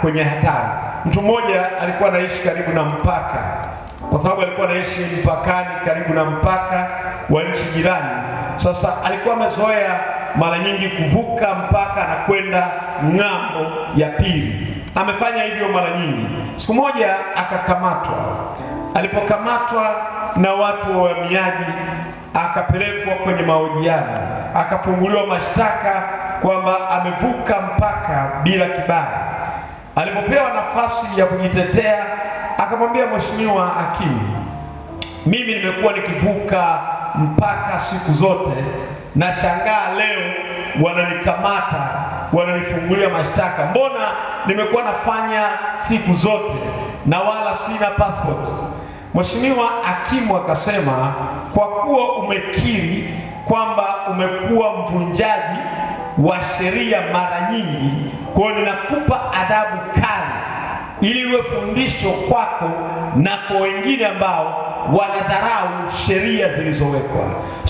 kwenye hatari. Mtu mmoja alikuwa anaishi karibu na mpaka, kwa sababu alikuwa anaishi mpakani, karibu na mpaka wa nchi jirani. Sasa alikuwa amezoea mara nyingi kuvuka mpaka na kwenda ng'ambo ya pili. Amefanya hivyo mara nyingi. Siku moja akakamatwa. Alipokamatwa na watu wa uhamiaji, akapelekwa kwenye mahojiano, akafunguliwa mashtaka kwamba amevuka mpaka bila kibali. Alipopewa nafasi ya kujitetea akamwambia, Mheshimiwa Hakimu, mimi nimekuwa nikivuka mpaka siku zote, na shangaa leo wananikamata wananifungulia mashtaka. Mbona nimekuwa nafanya siku zote na wala sina passport? Mheshimiwa Hakimu akasema, kwa kuwa umekiri kwamba umekuwa mvunjaji wa sheria mara nyingi. Kwa hiyo ninakupa adhabu kali ili iwe fundisho kwako na kwa wengine ambao wanadharau sheria zilizowekwa.